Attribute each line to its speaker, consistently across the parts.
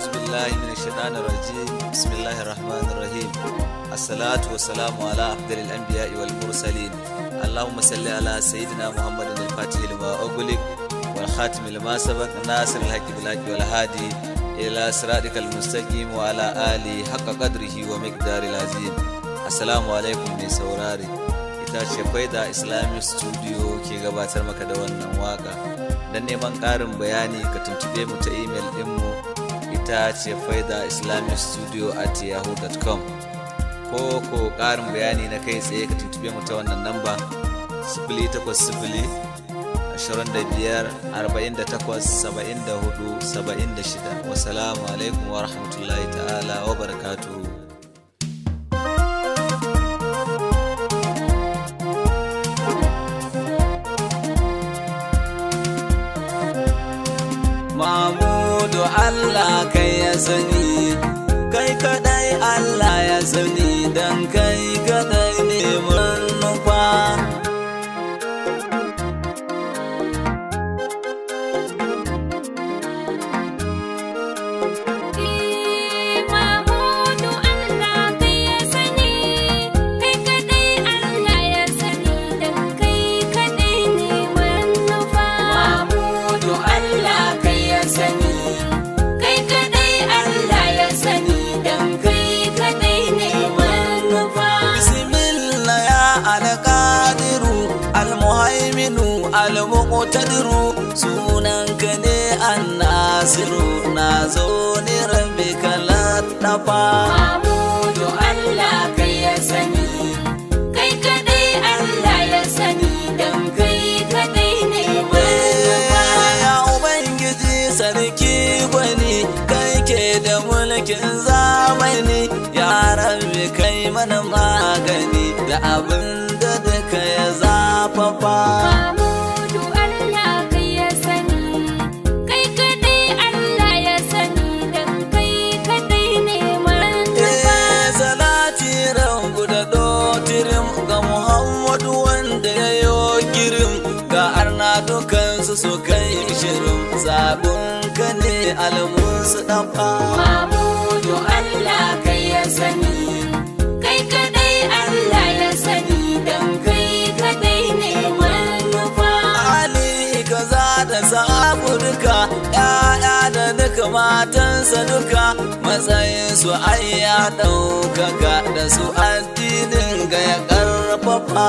Speaker 1: a'udhu billahi minash shaitanir rajim bismillahir rahmanir rahim as-salatu was-salamu ala afdalil anbiya'i wal mursalin اللهم صل على سيدنا محمد الفاتح لما أغلق والخاتم لما سبق ناصر الحق بالحق والهادي إلى صراطك المستقيم وعلى آله حق قدره ومقدار العظيم السلام عليكم من سوراري ita ce faida islamic studio ke gabatar maka da wannan waka don neman ƙarin bayani ka tuntube mu ta imel ɗinmu ita ce faida islamic studio at yahoo.com ko ko karin bayani na kai tsaye ka tuntube mu ta wannan namba sifili takwas sifili 76 wasalamu alaikum wa rahmatullahi ta'ala wa barakatuhu Allah kai ya sani kai kaɗai Allah ya sani tadru sunanka ne annasiru na zo ne rabbi kalar dafa Mamudu Allah kai ya sani kai kadai Allah ya sani dan kai kadai ne eh, ya ubangiji sarki gwani kai ke da mulkin zamani ya rabbi kai mana magani da abin da duka ya zafafa malamin su mamudu allah kai ya sani kai kadai allah ya sani dan kai kadai ne manufa ali kaza da sahabu duka ya'ya da duka matansa duka matsayin su ai ya ɗaukaka da su addinin ga ya ƙarfafa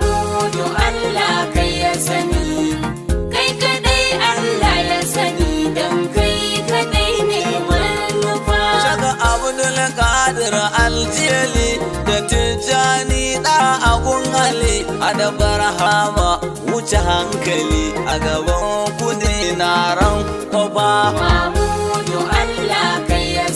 Speaker 2: mamudu allah kai ya sani
Speaker 1: jani ɗa agun hali adabar hama wuce hankali a gaban kudi na ran kwaba
Speaker 2: mamudu allah kai ya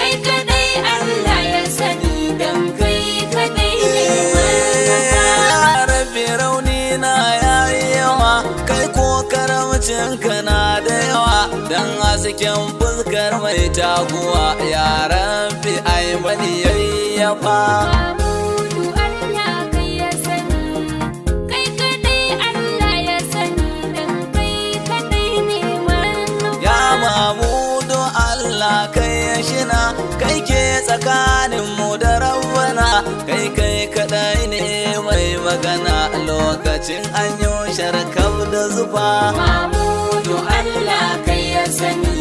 Speaker 1: kai kadai allah ya sani don kai kadai ne eh, rabi rauni na yayi yawa kai ko karamcin na da yawa don hasken fuskar mai taguwa yaran fi ya mani yayyafa Mamudu Allah kai ya shina kai ke tsakaninmu da rawana kai kaɗai ne mai magana lokacin an yi da zuba. Mamudu Allah kai ya sani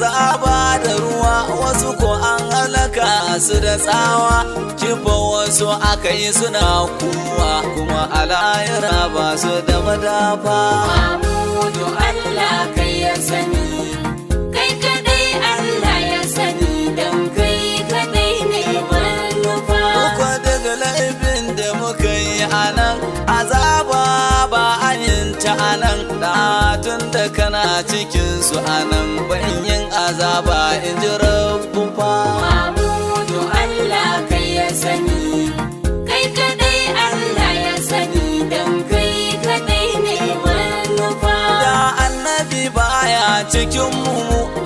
Speaker 1: ba da ruwa wasu ko an halaka su da tsawa kifa wasu aka yi suna kuwa kuma alayira ba su da madafa.
Speaker 2: Allah kai ya sani.
Speaker 1: nan tun da kana cikin su a nan banyin azaba in ji rabbu fa Mamudu Allah kai ya
Speaker 2: sani kai kadai Allah ya sani dan kai kadai ne manufa da annabi
Speaker 1: baya cikin mu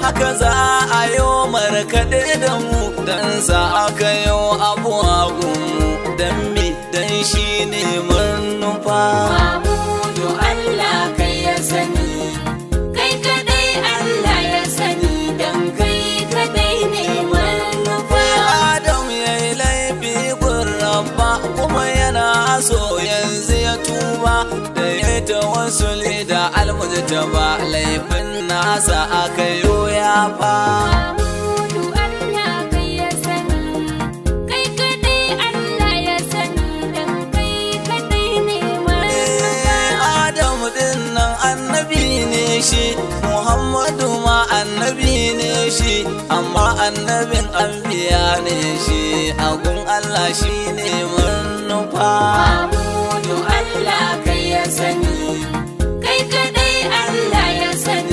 Speaker 1: haka za a yo markaɗe da mu dan sa aka yo a tawassuli da almujtaba laifin nasa aka yoya fa shi Muhammadu ma annabi ne shi amma annabin anbiya ne shi agun Allah shi ne nufa Muhammadu Allah kai sani
Speaker 2: kai kadai Allah ya sani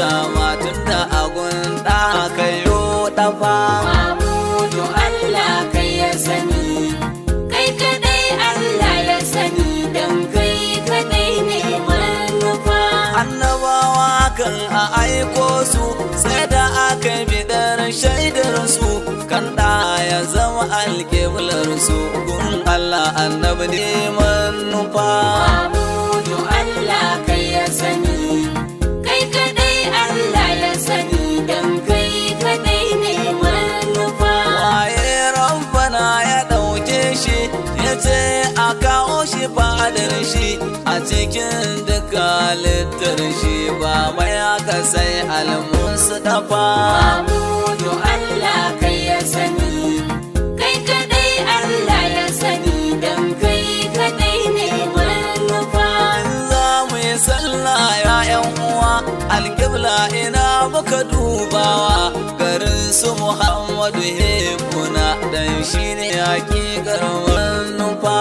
Speaker 1: sama tunda agun da kai dafa mamudu Allah kai ya sani kai kadai Allah ya sani dan kai kadai ne manufa annabawa kan a aiko su sai da aka bidar shaidar su kan da ya zama alkeblar su gun Allah annabi ne manufa fadar a cikin duka halittar shi ba mai aka sai almusu dafa Mamudu Allah kai ya kai kadai Allah ya sani don kai kadai ne manufa za mu yi sallah ya'yan uwa alkibla ina muka dubawa garin su Muhammadu Hebuna dan shi ne hakikar manufa.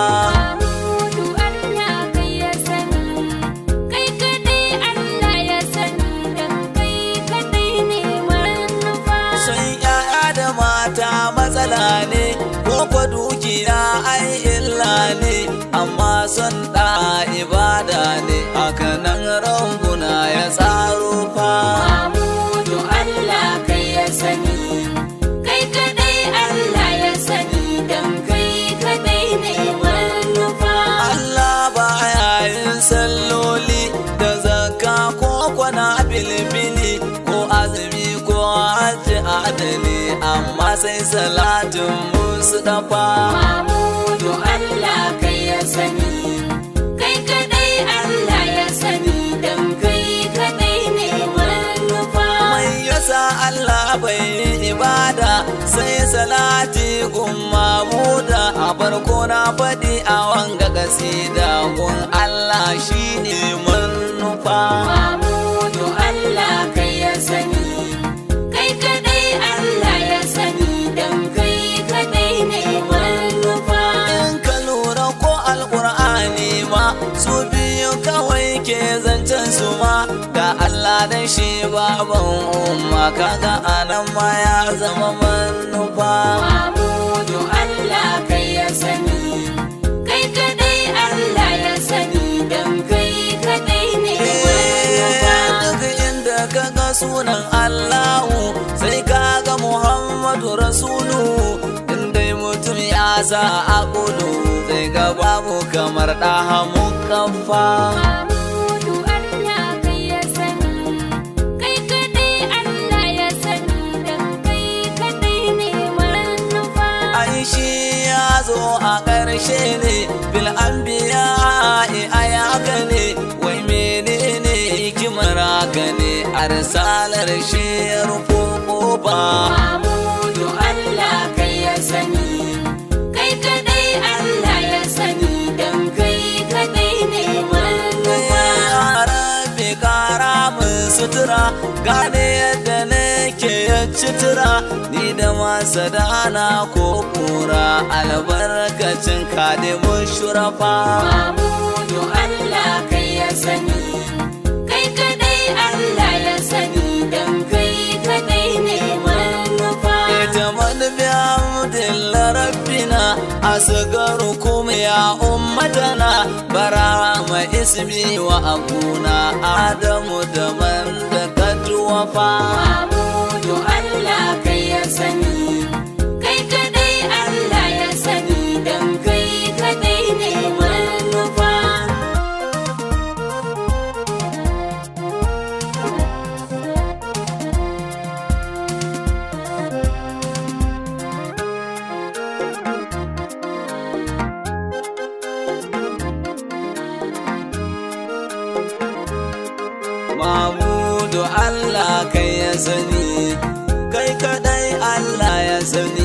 Speaker 1: son ɗa ibada ne haka nan ranguna ya tsaro fa
Speaker 2: Mamudu Allah kai ya sani kai kadai Allah ya sani dan kai kadai ne manufa Allah
Speaker 1: ba yayin salloli da zakka ko kwana bilbili ko azumi ko hajji adali amma sai salatin musu dafa Mamudu Allah kai ya sani bai ibada sai salati muda a farko na faɗi a wanga gasi da gun Allah shi ne manufa. su ma ga Allah da shi baban umma kaga anan ma ya zama manufa
Speaker 2: Mamudu Allah kai ya sani kai kadai Allah ya sani dan kai kadai ne eh, duk inda
Speaker 1: kaga sunan Allahu sai kaga Muhammadu Rasulu dai mutum ya sa a kudu zai ga babu kamar ɗaha mukaffa. an biya a yaka ne wai menene hikimar haka ne a risalar shi ya rufo ƙofa
Speaker 2: Allah kai ya sani kai kadai Allah ya sani don kai
Speaker 1: kadai ne manufa Ya rabe kara mun sutura gane yadda na cutura ni da masa dana ko kura albarkacin kadimin shurafa
Speaker 2: mamudu allah kai ya sani kai kadai allah ya
Speaker 1: sani don kai kadai ne manufa ita manufi hamdulillah rabbina asgaru kuma ya ummatana barama ismi wa abuna adamu da man da kaduwa fa Allah kai ya sani kai kaɗai Allah ya sani